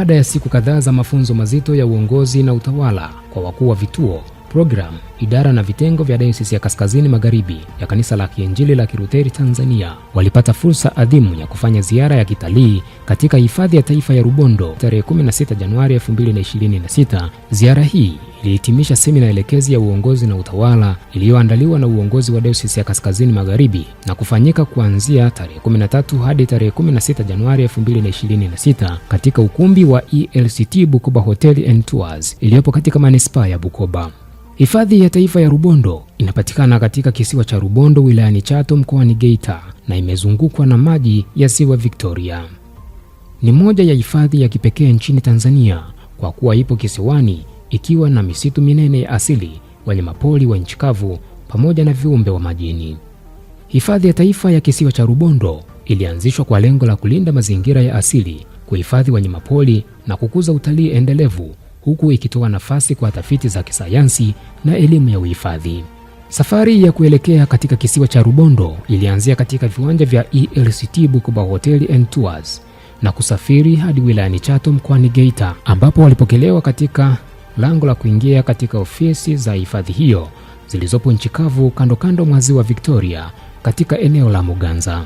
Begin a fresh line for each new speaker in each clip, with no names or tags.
Baada ya siku kadhaa za mafunzo mazito ya uongozi na utawala kwa wakuu wa vituo, program idara na vitengo vya Dayosisi ya Kaskazini Magharibi ya Kanisa la kienjili la kiruteri Tanzania walipata fursa adhimu ya kufanya ziara ya kitalii katika Hifadhi ya Taifa ya Rubondo tarehe 16 Januari 2026. Ziara hii ilihitimisha semina elekezi ya uongozi na utawala iliyoandaliwa na uongozi wa Dayosisi ya Kaskazini Magharibi na kufanyika kuanzia tarehe 13 hadi tarehe 16 Januari 2026 katika ukumbi wa ELCT Bukoba Hotel and Tours iliyopo katika manispaa ya Bukoba. Hifadhi ya Taifa ya Rubondo inapatikana katika kisiwa cha Rubondo wilayani Chato mkoani Geita na imezungukwa na maji ya Ziwa Victoria. Ni moja ya hifadhi ya kipekee nchini Tanzania kwa kuwa ipo kisiwani ikiwa na misitu minene ya asili, wanyamapori wa nchi kavu pamoja na viumbe wa majini. Hifadhi ya Taifa ya Kisiwa cha Rubondo ilianzishwa kwa lengo la kulinda mazingira ya asili, kuhifadhi wanyamapori na kukuza utalii endelevu, huku ikitoa nafasi kwa tafiti za kisayansi na elimu ya uhifadhi. Safari ya kuelekea katika kisiwa cha Rubondo ilianzia katika viwanja vya ELCT Bukoba Hotel and Tours na kusafiri hadi wilayani Chato mkoani Geita ambapo walipokelewa katika lango la kuingia katika ofisi za hifadhi hiyo zilizopo nchikavu kando kando mwa ziwa Victoria katika eneo la Muganza.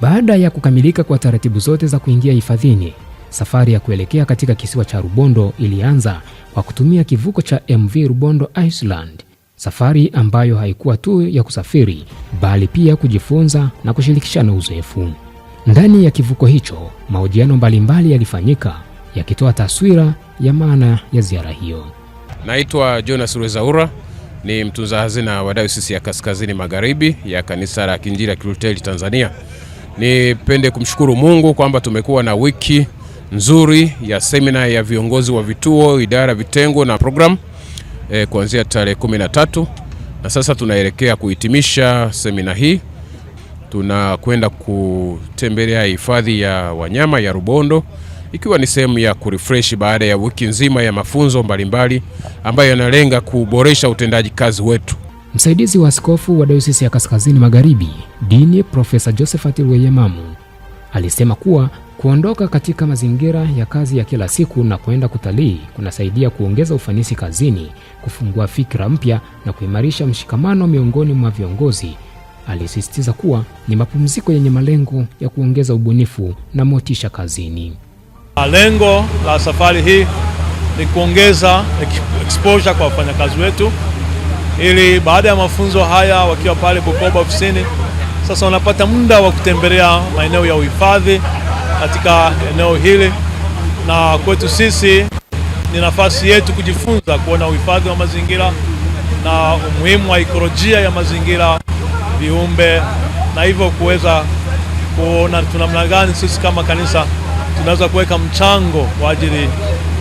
Baada ya kukamilika kwa taratibu zote za kuingia hifadhini, safari ya kuelekea katika kisiwa cha Rubondo ilianza kwa kutumia kivuko cha MV Rubondo Island, safari ambayo haikuwa tu ya kusafiri bali pia kujifunza na kushirikishana uzoefu. Ndani ya kivuko hicho, mahojiano mbalimbali yalifanyika yakitoa taswira ya maana ya ziara hiyo.
Naitwa Jonas Rwezaura, ni mtunza hazina wa Dayosisi ya Kaskazini Magharibi ya Kanisa la Kiinjili ya Kilutheri Tanzania. Nipende kumshukuru Mungu kwamba tumekuwa na wiki nzuri ya semina ya viongozi wa vituo, idara, vitengo na programu e, eh, kuanzia tarehe 13 na sasa tunaelekea kuhitimisha semina hii. Tunakwenda kutembelea hifadhi ya wanyama ya Rubondo ikiwa ni sehemu ya kurefresh baada ya wiki nzima ya mafunzo mbalimbali ambayo yanalenga kuboresha utendaji kazi wetu.
Msaidizi wa askofu wa Dayosisi ya Kaskazini Magharibi Dini Profesa Josephat Rweyemamu alisema kuwa kuondoka katika mazingira ya kazi ya kila siku na kwenda kutalii kunasaidia kuongeza ufanisi kazini, kufungua fikra mpya na kuimarisha mshikamano miongoni mwa viongozi. Alisisitiza kuwa ni mapumziko yenye malengo ya kuongeza ubunifu na motisha kazini.
Ah, lengo la safari hii ni kuongeza exposure kwa wafanyakazi wetu, ili baada ya mafunzo haya wakiwa pale Bukoba ofisini, sasa wanapata muda wa kutembelea maeneo ya uhifadhi katika eneo hili, na kwetu sisi ni nafasi yetu kujifunza kuona uhifadhi wa mazingira na umuhimu wa ekolojia ya mazingira, viumbe, na hivyo kuweza kuona tunamna gani sisi kama kanisa tunaweza kuweka mchango kwa ajili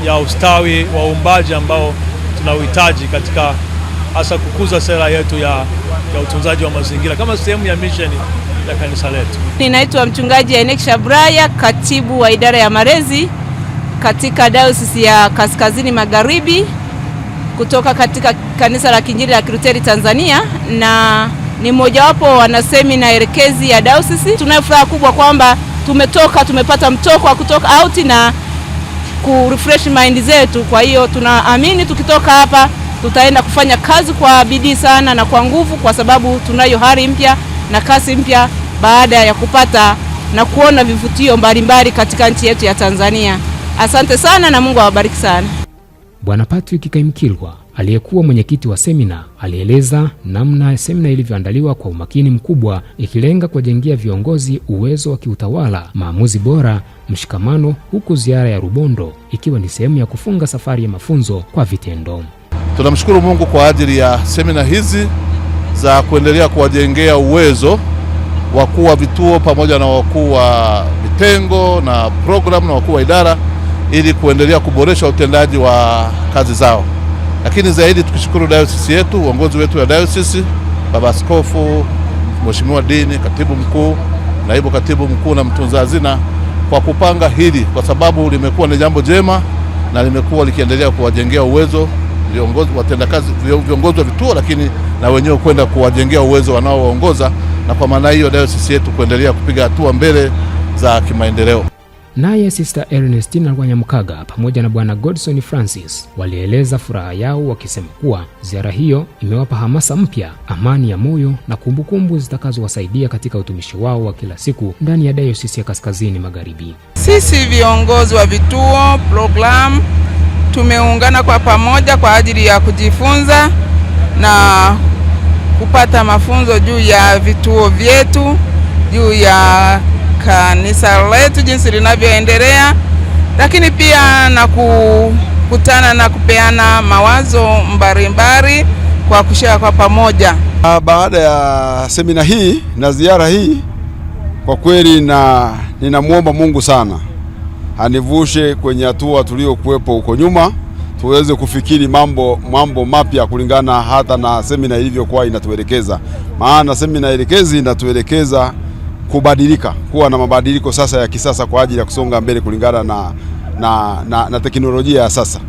ya ustawi wa uumbaji ambao tunauhitaji katika hasa kukuza sera yetu ya, ya utunzaji wa mazingira kama sehemu ya misheni ya kanisa letu.
Ninaitwa mchungaji Eneksha Shabraya, katibu wa idara ya malezi katika Dayosisi ya Kaskazini Magharibi kutoka katika kanisa la Kiinjili la Kilutheri Tanzania na ni mmojawapo wanasemina elekezi ya dayosisi. Tunayo furaha kubwa kwamba tumetoka, tumepata mtoko wa kutoka out na ku refresh mind zetu. Kwa hiyo tunaamini tukitoka hapa tutaenda kufanya kazi kwa bidii sana na kwa nguvu, kwa sababu tunayo hali mpya na kasi mpya baada ya kupata na kuona vivutio mbalimbali katika nchi yetu ya Tanzania. Asante sana na Mungu awabariki sana.
Bwana Patrick Kaimkilwa Aliyekuwa mwenyekiti wa semina alieleza namna semina ilivyoandaliwa kwa umakini mkubwa, ikilenga kuwajengea viongozi uwezo wa kiutawala, maamuzi bora, mshikamano, huku ziara ya Rubondo ikiwa ni sehemu ya kufunga safari ya mafunzo kwa vitendo.
Tunamshukuru Mungu kwa ajili ya semina hizi za kuendelea kuwajengea uwezo wakuu wa vituo pamoja na wakuu wa vitengo na programu na wakuu wa idara ili kuendelea kuboresha utendaji wa kazi zao. Lakini zaidi tukishukuru dayosisi yetu, uongozi wetu wa dayosisi, baba askofu, mheshimiwa dini, katibu mkuu, naibu katibu mkuu na mtunza hazina kwa kupanga hili, kwa sababu limekuwa ni jambo jema na limekuwa likiendelea kuwajengea uwezo viongozi watendakazi, viongozi wa vituo, lakini na wenyewe kwenda kuwajengea uwezo wanaowaongoza, na kwa maana hiyo dayosisi yetu kuendelea kupiga hatua mbele za kimaendeleo.
Naye Sister Ernestina Rwanyamkaga pamoja na Bwana Godson Francis walieleza furaha yao wakisema kuwa ziara hiyo imewapa hamasa mpya, amani ya moyo na kumbukumbu zitakazowasaidia katika utumishi wao wa kila siku ndani ya Dayosisi ya Kaskazini Magharibi.
Sisi viongozi wa vituo programu tumeungana kwa pamoja kwa ajili ya kujifunza na kupata mafunzo juu ya vituo vyetu juu ya kanisa letu jinsi linavyoendelea, lakini pia na kukutana na kupeana mawazo mbalimbali kwa kushea kwa pamoja.
Ah, baada ya semina hii na ziara hii, kwa kweli na ninamwomba Mungu sana anivushe kwenye hatua tuliyokuwepo huko nyuma, tuweze kufikiri mambo mambo mapya kulingana hata na semina ilivyokuwa inatuelekeza, maana semina elekezi inatuelekeza kubadilika kuwa na mabadiliko sasa ya kisasa kwa ajili ya kusonga mbele kulingana na, na, na, na teknolojia ya sasa.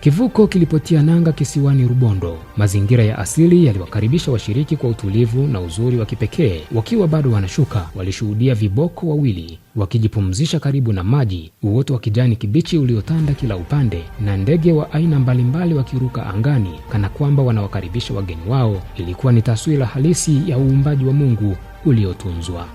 Kivuko kilipotia nanga kisiwani Rubondo, mazingira ya asili yaliwakaribisha washiriki kwa utulivu na uzuri wa kipekee. Wakiwa bado wanashuka, walishuhudia viboko wawili wakijipumzisha karibu na maji, uoto wa kijani kibichi uliotanda kila upande, na ndege wa aina mbalimbali wakiruka angani kana kwamba wanawakaribisha wageni wao. Ilikuwa ni taswira halisi ya uumbaji wa Mungu uliotunzwa.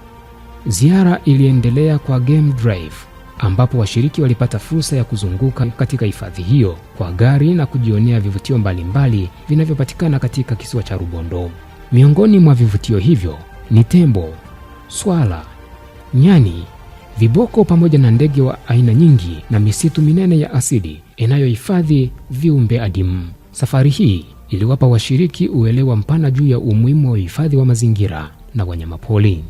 Ziara iliendelea kwa Game Drive ambapo washiriki walipata fursa ya kuzunguka katika hifadhi hiyo kwa gari na kujionea vivutio mbalimbali vinavyopatikana katika kisiwa cha Rubondo. Miongoni mwa vivutio hivyo ni tembo, swala, nyani, viboko pamoja na ndege wa aina nyingi na misitu minene ya asili inayohifadhi viumbe adimu. Safari hii iliwapa washiriki uelewa mpana juu ya umuhimu wa uhifadhi wa mazingira na wanyamapori.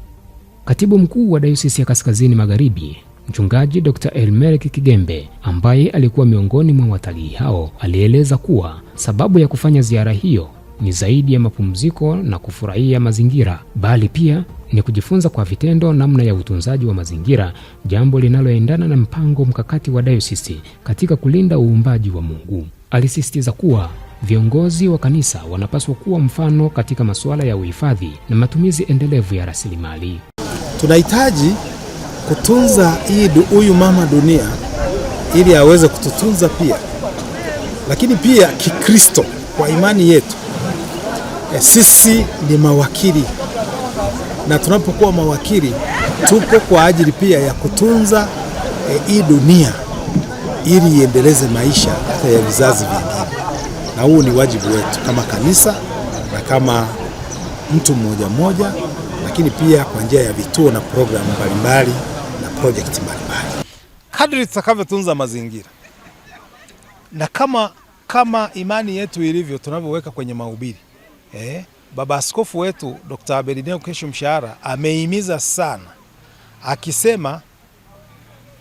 Katibu mkuu wa Dayosisi ya Kaskazini Magharibi Mchungaji Dr. Elmerik Kigembe ambaye alikuwa miongoni mwa watalii hao alieleza kuwa sababu ya kufanya ziara hiyo ni zaidi ya mapumziko na kufurahia mazingira, bali pia ni kujifunza kwa vitendo namna ya utunzaji wa mazingira, jambo linaloendana na mpango mkakati wa dayosisi katika kulinda uumbaji wa Mungu. Alisisitiza kuwa viongozi wa kanisa wanapaswa kuwa mfano katika masuala ya uhifadhi na matumizi endelevu ya rasilimali
tunahitaji kutunza hii huyu mama dunia ili aweze kututunza pia, lakini pia Kikristo, kwa imani yetu e, sisi ni mawakili, na tunapokuwa mawakili tuko kwa ajili pia ya kutunza e, eh, hii dunia ili iendeleze maisha hata ya vizazi vingine, na huu ni wajibu wetu kama kanisa na kama mtu mmoja mmoja lakini pia kwa njia ya vituo na programu mbalimbali na project mbalimbali.
Kadri tutakavyotunza mazingira na kama, kama imani yetu ilivyo tunavyoweka kwenye mahubiri eh, Baba Askofu wetu Dr. Abedineo Kesho Mshahara amehimiza sana akisema,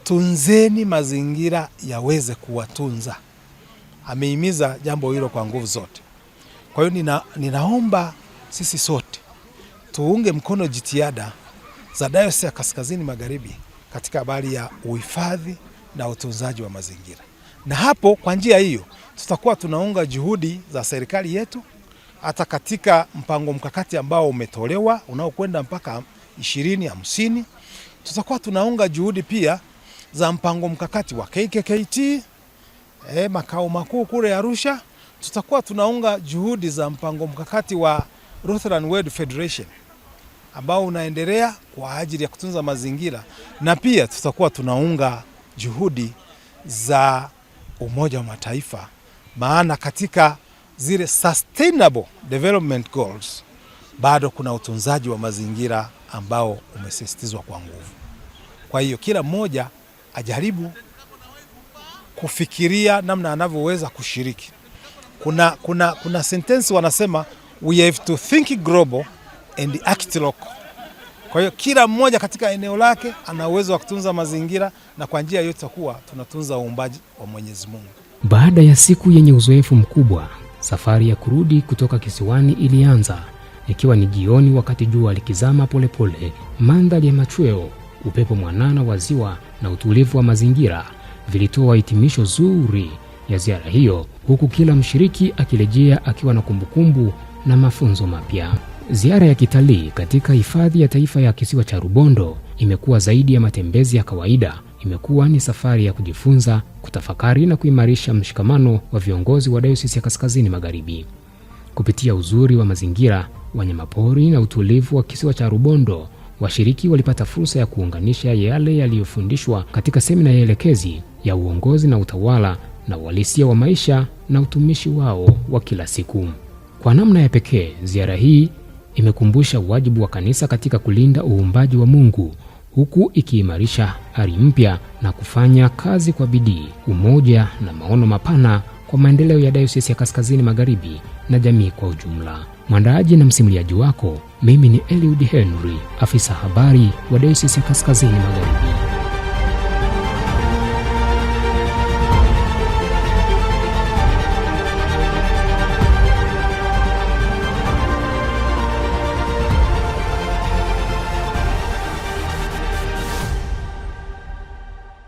tunzeni mazingira yaweze kuwatunza. Amehimiza jambo hilo kwa nguvu zote. Kwa hiyo nina, ninaomba sisi sote tuunge mkono jitihada za Dayosisi ya Kaskazini Magharibi katika habari ya uhifadhi na utunzaji wa mazingira, na hapo kwa njia hiyo tutakuwa tunaunga juhudi za serikali yetu hata katika mpango mkakati ambao umetolewa unaokwenda mpaka ishirini hamsini, tutakuwa tunaunga juhudi pia za mpango mkakati wa KKKT eh, makao makuu kule Arusha. Tutakuwa tunaunga juhudi za mpango mkakati wa Lutheran World Federation ambao unaendelea kwa ajili ya kutunza mazingira, na pia tutakuwa tunaunga juhudi za Umoja wa Mataifa, maana katika zile sustainable development goals bado kuna utunzaji wa mazingira ambao umesisitizwa kwa nguvu. Kwa hiyo kila mmoja ajaribu kufikiria namna anavyoweza kushiriki. Kuna, kuna, kuna sentensi wanasema we have to think global and act local. Kwa hiyo kila mmoja katika eneo lake ana uwezo wa kutunza mazingira na kwa njia hiyo kuwa tunatunza uumbaji wa Mwenyezi Mungu.
Baada ya siku yenye uzoefu mkubwa, safari ya kurudi kutoka kisiwani ilianza ikiwa ni jioni, wakati jua likizama polepole. Mandhari ya machweo, upepo mwanana wa ziwa na utulivu wa mazingira vilitoa hitimisho zuri ya ziara hiyo, huku kila mshiriki akirejea akiwa na kumbukumbu na mafunzo mapya. Ziara ya kitalii katika hifadhi ya taifa ya kisiwa cha Rubondo imekuwa zaidi ya matembezi ya kawaida. Imekuwa ni safari ya kujifunza, kutafakari na kuimarisha mshikamano wa viongozi wa Dayosisi ya Kaskazini Magharibi. Kupitia uzuri wa mazingira, wanyamapori na utulivu wa kisiwa cha Rubondo, washiriki walipata fursa ya kuunganisha yale yaliyofundishwa katika semina ya elekezi ya uongozi na utawala na uhalisia wa maisha na utumishi wao wa kila siku. Kwa namna ya pekee, ziara hii imekumbusha wajibu wa kanisa katika kulinda uumbaji wa Mungu huku ikiimarisha ari mpya na kufanya kazi kwa bidii, umoja na maono mapana kwa maendeleo ya Dayosisi ya Kaskazini Magharibi na jamii kwa ujumla. Mwandaaji na msimuliaji wako mimi ni Eliud Henry, afisa habari wa Dayosisi ya Kaskazini Magharibi.